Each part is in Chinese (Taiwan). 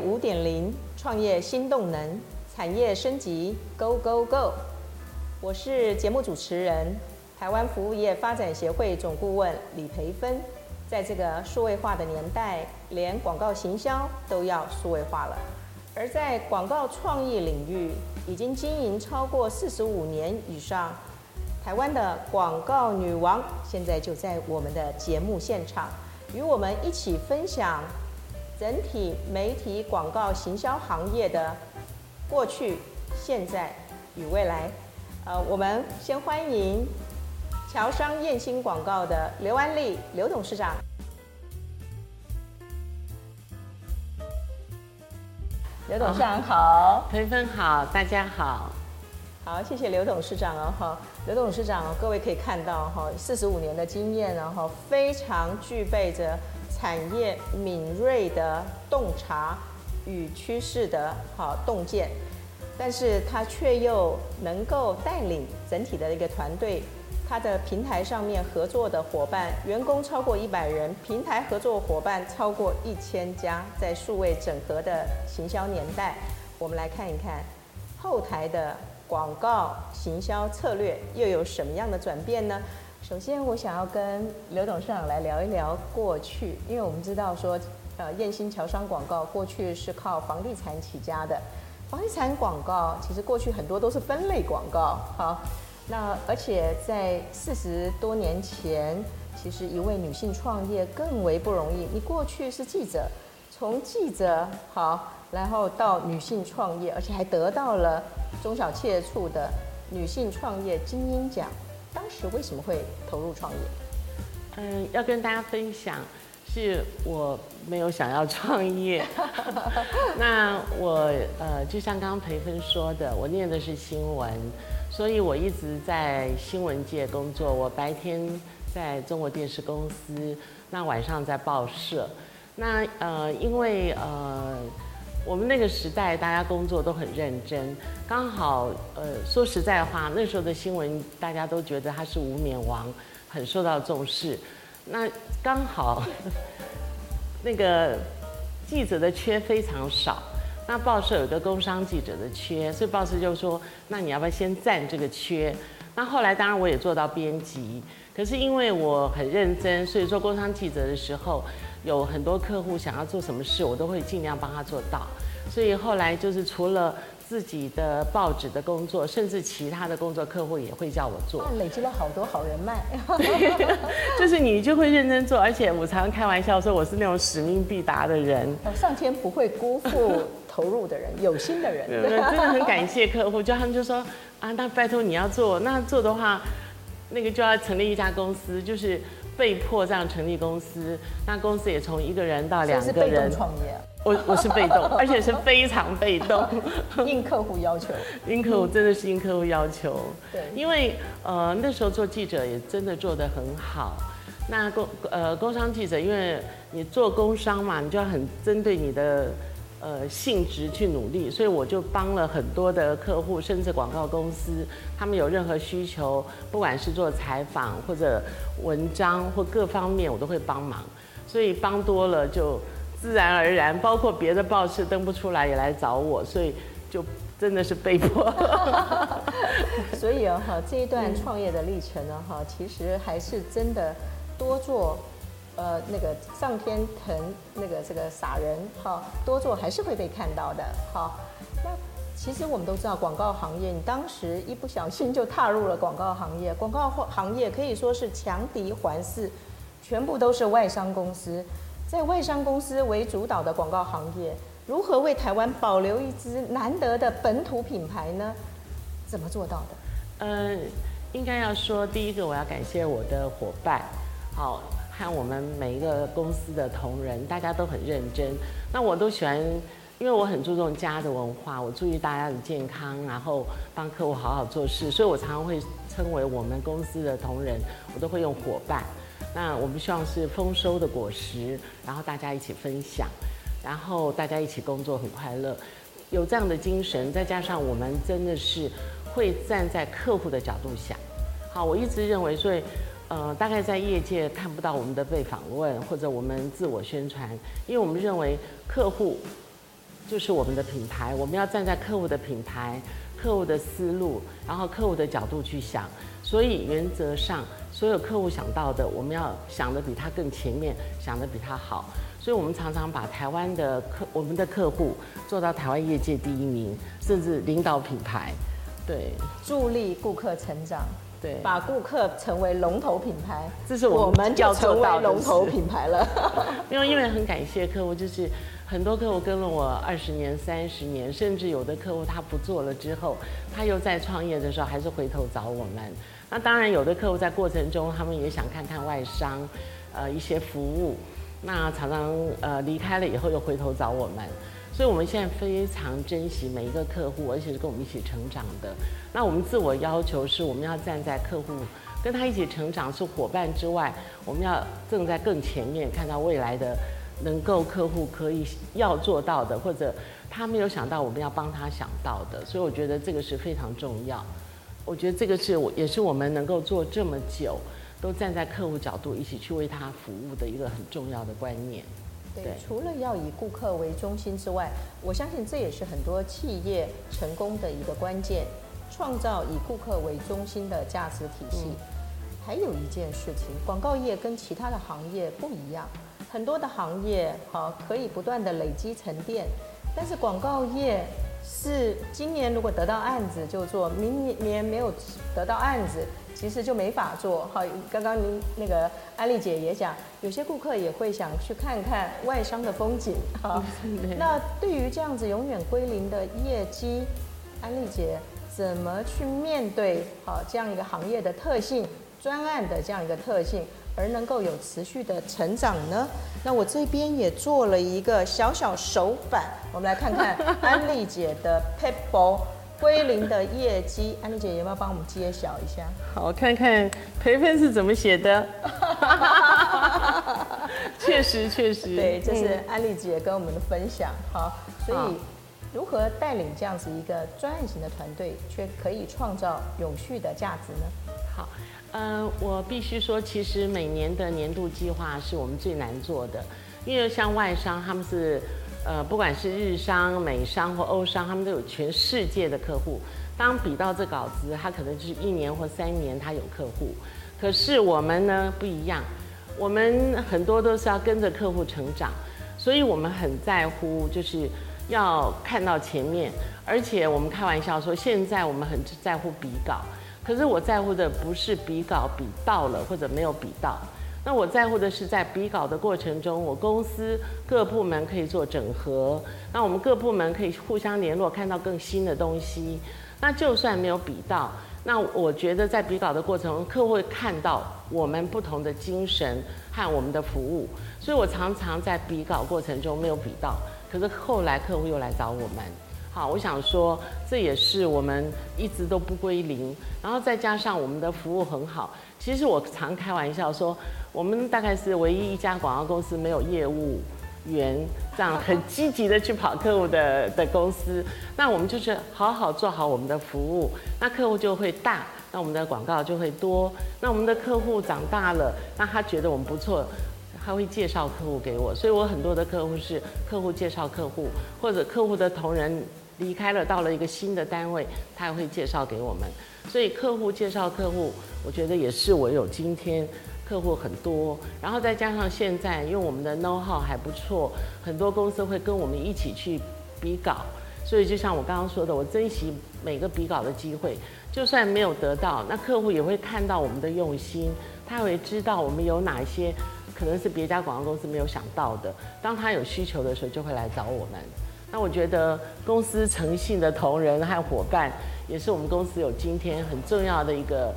五點零創業新動能，產業升級，Go Go Go！我是節目主持人，台灣服務業發展協會總顧問李培芬。在這個數位化的年代，連廣告行銷都要數位化了。而在廣告創意領域，已經經營超過四十五年以上，台灣的廣告女王現在就在我們的節目現場，與我們一起分享。整體媒體廣告行銷行業的過去、現在與未來，呃，我們先歡迎喬商彥星廣告的劉安立劉董事長。劉董事長好，芬芬好，大家好，好，謝謝劉董事長哦哈，劉董事長各位可以看到哈、哦，四十五年的經驗、哦，然後非常具備着。產業敏銳的洞察與趨勢的好洞見，但是他卻又能夠帶領整體的一個團隊，他的平台上面合作的夥伴，員工超過一百人，平台合作夥伴超過一千家，在數位整合的行銷年代，我們來看一看，後台的廣告行銷策略又有什麼樣的轉變呢？首先，我想要跟劉董事長來聊一聊過去，因為我們知道說，呃，彥星喬商廣告過去是靠房地產起家的，房地產廣告其實過去很多都是分類廣告。好，那而且在四十多年前，其實一位女性創業更為不容易。你過去是記者，從記者好，然後到女性創業，而且還得到了中小企業處的女性創業精英獎。當時為什麼會投入創業？嗯，要跟大家分享，是我沒有想要創業。 那我呃，就像剛剛裴芬說的，我念的是新聞，所以我一直在新聞界工作。我白天在中國電視公司，那晚上在報社。那呃，因為呃。我們那個時代，大家工作都很認真。剛好，呃，說實在話，那時候的新聞大家都覺得他是無冕王，很受到重視。那剛好，那個記者的缺非常少。那報社有個工商記者的缺，所以報社就說：“那你要不要先佔這個缺？”那後來，當然我也做到編輯。可是因為我很認真，所以做工商記者的時候，有很多客戶想要做什麼事，我都會盡量幫他做到。所以後來就是除了自己的報紙的工作，甚至其他的工作客戶也會叫我做，啊、累積了好多好人脈。 就是你就會認真做，而且我常常開玩笑說我是那種使命必達的人，上天不會辜負投入的人， 有心的人。 對，真的很感謝客戶，就他們就說啊，那拜託你要做，那做的話，那個就要成立一家公司，就是。被迫這樣成立公司，那公司也從一個人到兩個人。是被動創業，我我是被動， 而且是非常被動，應 客戶要求。應客戶真的是應客戶要求，對，嗯，因為呃那時候做記者也真的做得很好，那工呃工商記者，因為你做工商嘛，你就要很針對你的。呃，性質去努力，所以我就幫了很多的客戶，甚至廣告公司，他們有任何需求，不管是做採訪或者文章或各方面，我都會幫忙。所以幫多了就自然而然，包括別的報社登不出來也來找我，所以就真的是被迫。 所以啊，哈，這一段創業的歷程呢，哈，其實還是真的多做。呃，那個上天疼，那個這個傻人哈、哦，多做還是會被看到的好、哦，那其實我們都知道，廣告行業，你當時一不小心就踏入了廣告行業。廣告行業可以說是強敵環伺，全部都是外商公司。在外商公司為主導的廣告行業，如何為台灣保留一支難得的本土品牌呢？怎麼做到的？嗯、呃，應該要說，第一個我要感謝我的夥伴，好。看我們每一個公司的同仁，大家都很認真。那我都喜歡，因為我很注重家的文化，我注意大家的健康，然後幫客戶好好做事。所以我常常會稱為我們公司的同仁，我都會用夥伴。那我們希望是豐收的果實，然後大家一起分享，然後大家一起工作很快樂，有這樣的精神，再加上我們真的是會站在客戶的角度想。好，我一直認為，所以。呃，大概在業界看不到我們的被訪問或者我們自我宣傳，因為我們認為客戶就是我們的品牌，我們要站在客戶的品牌、客戶的思路，然後客戶的角度去想。所以原則上，所有客戶想到的，我們要想得比他更前面，想得比他好。所以我們常常把台灣的客我們的客戶做到台灣業界第一名，甚至領導品牌，對，助力顧客成長。對，把顧客成為龍頭品牌，這是我們叫做龍頭品牌了。因為 因為很感謝客戶，就是很多客戶跟了我二十年、三十年，甚至有的客戶他不做了之後，他又在創業的時候還是回頭找我們。那當然，有的客戶在過程中他們也想看看外商，呃，一些服務，那常常呃離開了以後又回頭找我們。所以，我們現在非常珍惜每一個客戶，而且是跟我們一起成長的。那我們自我要求是我們要站在客戶跟他一起成長是夥伴之外，我們要站在更前面，看到未來的能夠客戶可以要做到的，或者他沒有想到，我們要幫他想到的。所以，我覺得這個是非常重要。我覺得這個是也是我們能夠做這麼久，都站在客戶角度一起去為他服務的一個很重要的觀念。對，除了要以顧客為中心之外，我相信這也是很多企業成功的一個關鍵，創造以顧客為中心的價值體系。嗯，還有一件事情，廣告業跟其他的行業不一樣，很多的行業啊可以不斷的累積沉澱，但是廣告業是今年如果得到案子就做，明年沒有得到案子，其實就沒法做好。剛剛您那個安立姐也講，有些顧客也會想去看看外商的風景好。那對於這樣子永遠歸零的業績，安立姐怎麼去面對？好，這樣一個行業的特性、專案的這樣一個特性，而能夠有持續的成長呢？那我這邊也做了一個小小手板， 我們來看看安立姐的撇步。歸零的業績，安立姐要不要幫我們揭曉一下？好，我看看培培是怎麼寫的。確 實，確實，對，這、就是安立姐跟我們的分享。好，所以如何帶領這樣子一個專業型的團隊，卻可以創造永續的價值呢？好，嗯、呃、我必須說，其實每年的年度計劃是我們最難做的，因為像外商他們是。呃，不管是日商、美商或歐商，他們都有全世界的客戶。當比到這稿子，他可能就是一年或三年，他有客戶。可是我們呢，不一樣，我們很多都是要跟着客戶成長，所以我們很在乎，就是要看到前面。而且我們開玩笑說，現在我們很在乎比稿，可是我在乎的不是比稿比到了或者沒有比到。那我在乎的是在比稿的過程中，我公司各部門可以做整合，那我們各部門可以互相聯絡，看到更新的東西。那就算沒有比到，那我覺得在比稿的過程中，客戶會看到我們不同的精神和我們的服務。所以我常常在比稿過程中沒有比到，可是後來客戶又來找我們。好，我想說，這也是我們一直都不歸零，然後再加上我們的服務很好。其實我常開玩笑說，我們大概是唯一一家廣告公司沒有業務員這樣很積極的去跑客戶的的公司。那我們就是好好做好我們的服務，那客戶就會大，那我們的廣告就會多，那我們的客戶長大了，那他覺得我們不錯，他會介紹客戶給我，所以我很多的客戶是客戶介紹客戶或者客戶的同仁。離開了，到了一個新的單位，他還會介紹給我們。所以客戶介紹客戶，我覺得也是我有今天。客戶很多，然後再加上現在用我們的 know how 還不錯，很多公司會跟我們一起去比稿。所以就像我剛剛說的，我珍惜每個比稿的機會，就算沒有得到，那客戶也會看到我們的用心，他會知道我們有哪一些可能是別家廣告公司沒有想到的。當他有需求的時候，就會來找我們。那我覺得公司誠信的同仁和夥伴，也是我們公司有今天很重要的一個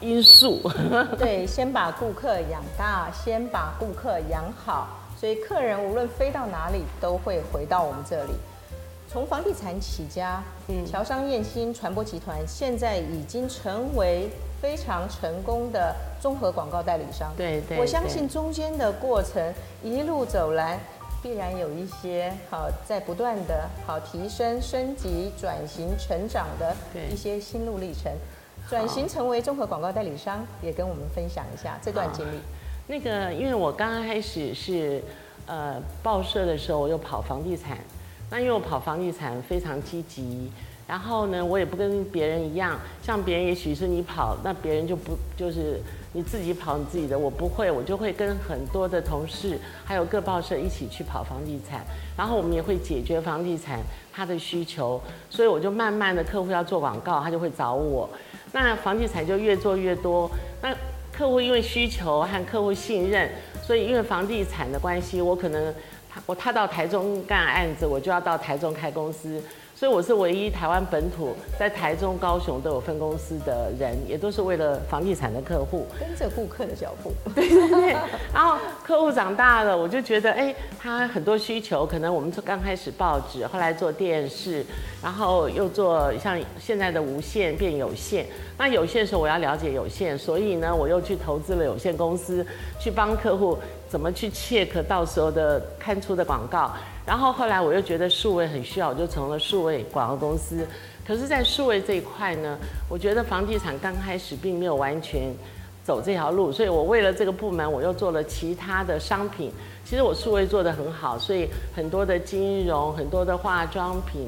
因素。對，先把顧客養大，先把顧客養好，所以客人無論飛到哪裡都會回到我們這裡。從房地產起家，嗯，喬商彥星傳播集團現在已經成為非常成功的綜合廣告代理商。對對，對。我相信中間的過程一路走來，必然有一些好在不斷的、好提升、升級、轉型、成長的一些心路歷程。轉型成為綜合廣告代理商，也跟我們分享一下這段經歷。那個，因為我剛剛開始是呃報社的時候，我又跑房地產。那因為我跑房地產非常積極，然後呢，我也不跟別人一樣，像別人也許是你跑，那別人就不就是。你自己跑你自己的，我不會，我就會跟很多的同事，還有各報社一起去跑房地產，然後我們也會解決房地產它的需求，所以我就慢慢的客戶要做廣告，他就會找我，那房地產就越做越多，那客戶因為需求和客戶信任，所以因為房地產的關係，我可能。我踏到台中幹案子，我就要到台中開公司，所以我是唯一台灣本土在台中、高雄都有分公司的人，也都是為了房地產的客戶，跟着顧客的腳步，對對對。然後客戶長大了，我就覺得，哎、欸，他很多需求，可能我們剛開始報紙，後來做電視，然後又做像現在的無線變有線，那有線的時候我要了解有線，所以呢，我又去投資了有線公司，去幫客戶。怎麼去切客？到時候的看出的廣告，然後後來我又覺得數位很需要，我就成了數位廣告公司。可是，在數位這一塊呢，我覺得房地產剛開始並沒有完全走這條路，所以我為了這個部門，我又做了其他的商品。其實我數位做得很好，所以很多的金融、很多的化妝品，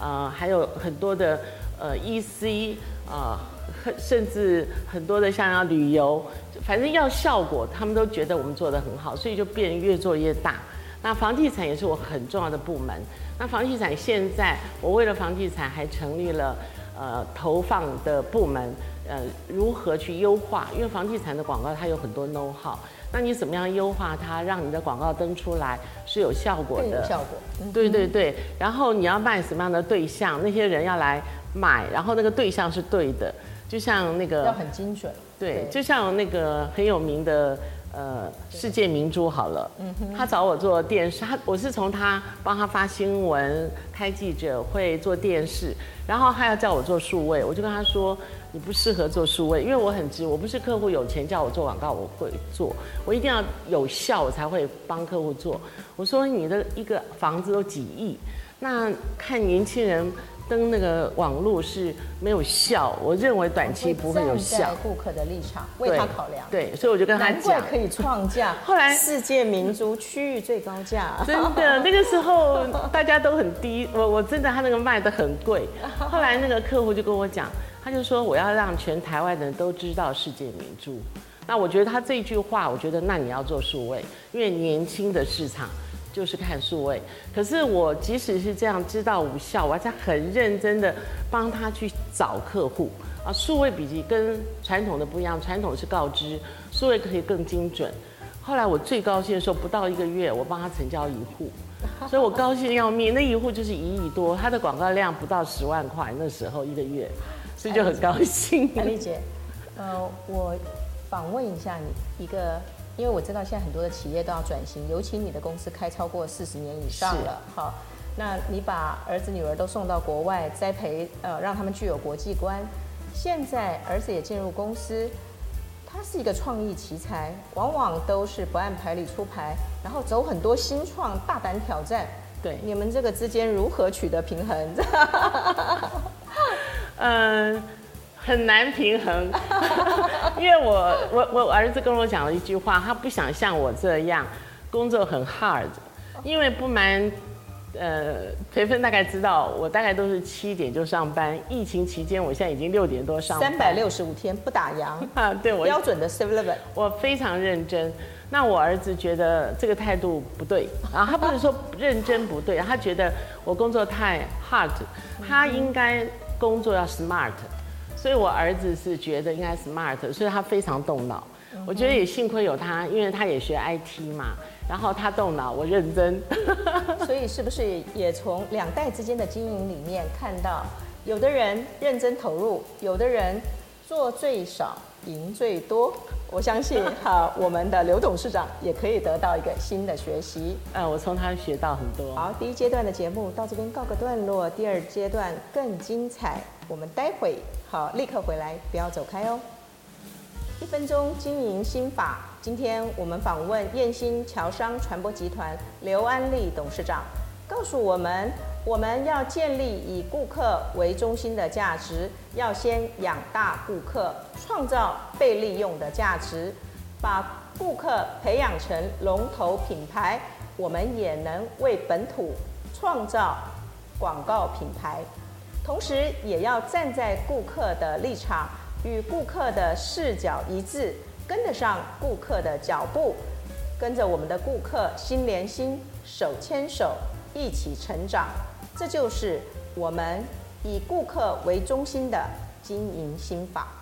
呃，還有很多的呃 EC 啊、呃。甚至很多的像要旅遊，反正要效果，他們都覺得我們做的很好，所以就變越做越大。那房地產也是我很重要的部門。那房地產現在，我為了房地產還成立了呃投放的部門，呃，如何去優化？因為房地產的廣告它有很多 know-how，那你怎麼樣優化它，讓你的廣告登出來是有效果的？有效果。對對對、嗯。然後你要賣什麼樣的對象？那些人要來買，然後那個對象是對的。就像那個要很精準，對，就像那個很有名的呃世界明珠好了，嗯哼，他找我做電視，他我是從他幫他發新聞、開記者會、做電視，然後他要叫我做數位，我就跟他說你不適合做數位，因為我很直，我不是客戶有錢叫我做廣告我會做，我一定要有效我才會幫客戶做。我說你的一個房子都幾億，那看年輕人。登那個網絡是沒有效，我認為短期不會有效。顧客的立場，為他考量。對，所以我就跟他講，貴可以創價。後來世界明珠區域最高價啊，真的那個時候大家都很低。我我真的他那個賣得很貴。後來那個客戶就跟我講，他就說我要讓全台灣的人都知道世界明珠。那我覺得他這句話，我覺得那你要做數位，因為年輕的市場。就是看數位，可是我即使是這樣知道無效，我還在很認真的幫他去找客戶啊。數位筆記跟傳統的不一樣，傳統是告知，數位可以更精準。後來我最高興的時候不到一個月，我幫他成交一戶，所以我高興要命。 那一戶就是一億多，他的廣告量不到十萬塊，那時候一個月，所以就很高興。安麗姐， 姐，呃，我訪問一下你一個。因為我知道現在很多的企業都要轉型，尤其，你的公司開超過四十年以上了，好，那你把兒子女兒都送到國外栽培，呃，讓他們具有國際觀。現在兒子也進入公司，他是一個創意奇才，往往都是不按牌理出牌，然後走很多新創，大膽挑戰。對，你們這個之間如何取得平衡？嗯、 呃，很難平衡。 因為我我我兒子跟我講了一句話，他不想像我這樣工作很 hard，因為不瞞，呃，培芬大概知道，我大概都是七點就上班。疫情期間，我現在已經六點多上班。三百六十五天不打烊啊！對，我標準的 seven eleven。我非常認真，那我兒子覺得這個態度不對啊。他不是說認真不對，他覺得我工作太 hard，他應該工作要 smart。所以，我兒子是覺得應該 smart，所以他非常動腦、嗯。我覺得也幸虧有他，因為他也學 IT 嘛，然後他動腦，我認真。 所以，是不是也從兩代之間的經營裡面看到，有的人認真投入，有的人做最少贏最多？我相信哈，我們的劉董事長也可以得到一個新的學習。嗯，我從他學到很多。好，第一階段的節目到這邊告個段落，第二階段更精彩，我們待會。好，立刻回來，不要走開哦、喔。一分鐘經營心法。今天我們訪問彥星喬商傳播集團劉安立董事長，告訴我們，我們要建立以顧客為中心的價值，要先養大顧客，創造被利用的價值，把顧客培養成龍頭品牌，我們也能為本土創造廣告品牌。同時也要站在顧客的立場，與顧客的視角一致，跟得上顧客的腳步，跟着我們的顧客心連心，手牽手一起成長。這就是我們以顧客為中心的經營心法。